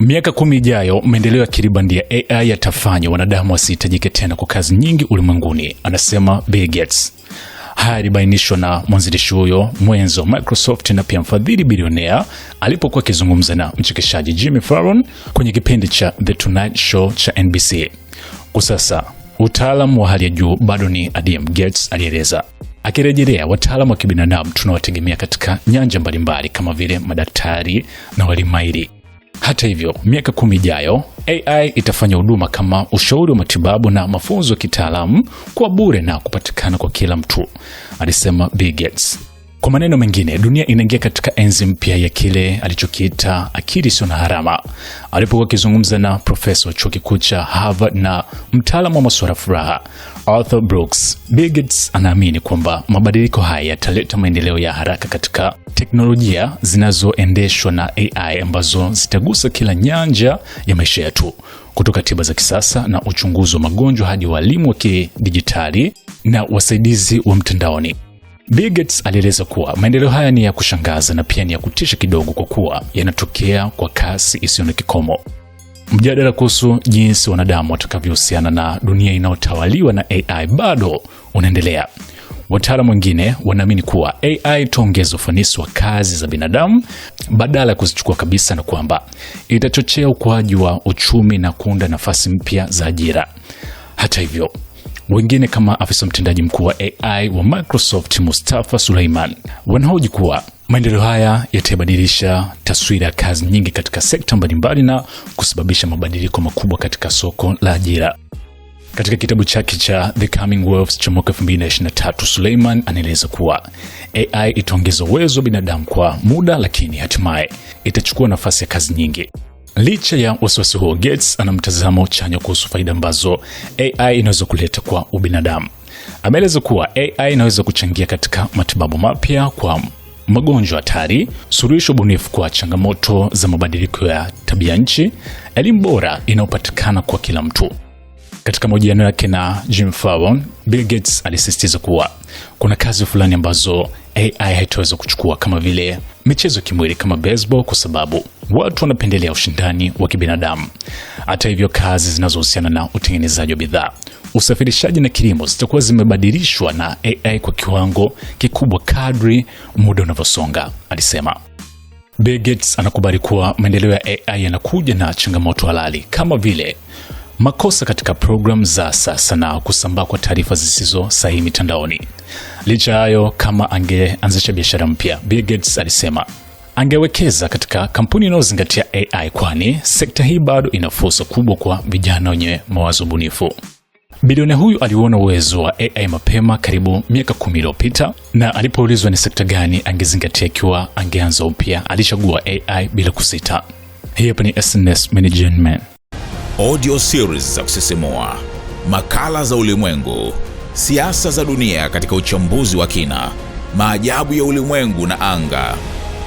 Miaka kumi ijayo maendeleo ya kiribandia AI yatafanya wanadamu wasihitajike tena kwa kazi nyingi ulimwenguni, anasema Bill Gates. Haya yalibainishwa na mwanzilishi huyo mwenzo Microsoft na pia mfadhili bilionea alipokuwa akizungumza na mchekeshaji Jimmy Fallon kwenye kipindi cha The Tonight Show cha NBC. Kwa sasa utaalamu wa hali ya juu bado ni adimu, Gates alieleza akirejelea wataalamu wa kibinadamu tunawategemea katika nyanja mbalimbali kama vile madaktari na walimaili hata hivyo, miaka kumi ijayo AI itafanya huduma kama ushauri wa matibabu na mafunzo ya kitaalamu kwa bure na kupatikana kwa kila mtu, alisema Bill Gates. Kwa maneno mengine, dunia inaingia katika enzi mpya ya kile alichokiita akili isiyo na harama Alipokuwa akizungumza na profeso wa chuo kikuu cha Harvard na mtaalamu wa maswara furaha Arthur Brooks, bigits anaamini kwamba mabadiliko haya yataleta maendeleo ya haraka katika teknolojia zinazoendeshwa na AI ambazo zitagusa kila nyanja ya maisha yetu kutoka tiba za kisasa na uchunguzi wa magonjwa hadi waalimu wa kidijitali na wasaidizi wa mtandaoni. Bill Gates alieleza kuwa maendeleo haya ni ya kushangaza na pia ni ya kutisha kidogo kwa kuwa yanatokea kwa kasi isiyo na kikomo. Mjadala kuhusu jinsi wanadamu watakavyohusiana na dunia inayotawaliwa na AI bado unaendelea. Wataalamu wengine wanaamini kuwa AI itaongeza ufanisi wa kazi za binadamu badala ya kuzichukua kabisa, na kwamba itachochea ukuaji wa uchumi na kuunda nafasi mpya za ajira. Hata hivyo wengine kama afisa mtendaji mkuu wa AI wa Microsoft Mustafa Suleiman wanahoji kuwa maendeleo haya yatayabadilisha taswira ya kazi nyingi katika sekta mbalimbali na kusababisha mabadiliko makubwa katika soko la ajira. Katika kitabu chake cha The Coming cha mwaka 2023, Suleiman anaeleza kuwa AI itaongeza uwezo wa binadamu kwa muda, lakini hatimaye itachukua nafasi ya kazi nyingi. Licha ya wasiwasi huo, Gates ana mtazamo chanya kuhusu faida ambazo AI inaweza kuleta kwa ubinadamu. Ameeleza kuwa AI inaweza kuchangia katika matibabu mapya kwa magonjwa hatari, suluhisho bunifu kwa changamoto za mabadiliko ya tabia nchi, elimu bora inayopatikana kwa kila mtu. Katika mahojiano yake na Jim Fallon, Bill Gates alisisitiza kuwa kuna kazi fulani ambazo AI haitaweza kuchukua kama vile michezo kimwili kama baseball kwa sababu Watu wanapendelea ushindani wa kibinadamu. Hata hivyo, kazi zinazohusiana na utengenezaji wa bidhaa, usafirishaji na kilimo zitakuwa zimebadilishwa na AI kwa kiwango kikubwa kadri muda unavyosonga, alisema. Bill Gates anakubali kuwa maendeleo ya AI yanakuja na changamoto halali kama vile makosa katika programu za sasa na kusambaa kwa taarifa zisizo sahihi mitandaoni. Licha hayo, kama angeanzisha biashara mpya, Bill Gates alisema angewekeza katika kampuni inayozingatia AI kwani sekta hii bado ina fursa kubwa kwa vijana wenye mawazo bunifu. Bilionea huyu aliuona uwezo wa AI mapema karibu miaka kumi iliyopita, na alipoulizwa ni sekta gani angezingatia ikiwa angeanza upya, alichagua AI bila kusita. Hii hapa ni SNS Management, audio series za kusisimua, makala za ulimwengu, siasa za dunia katika uchambuzi wa kina, maajabu ya ulimwengu na anga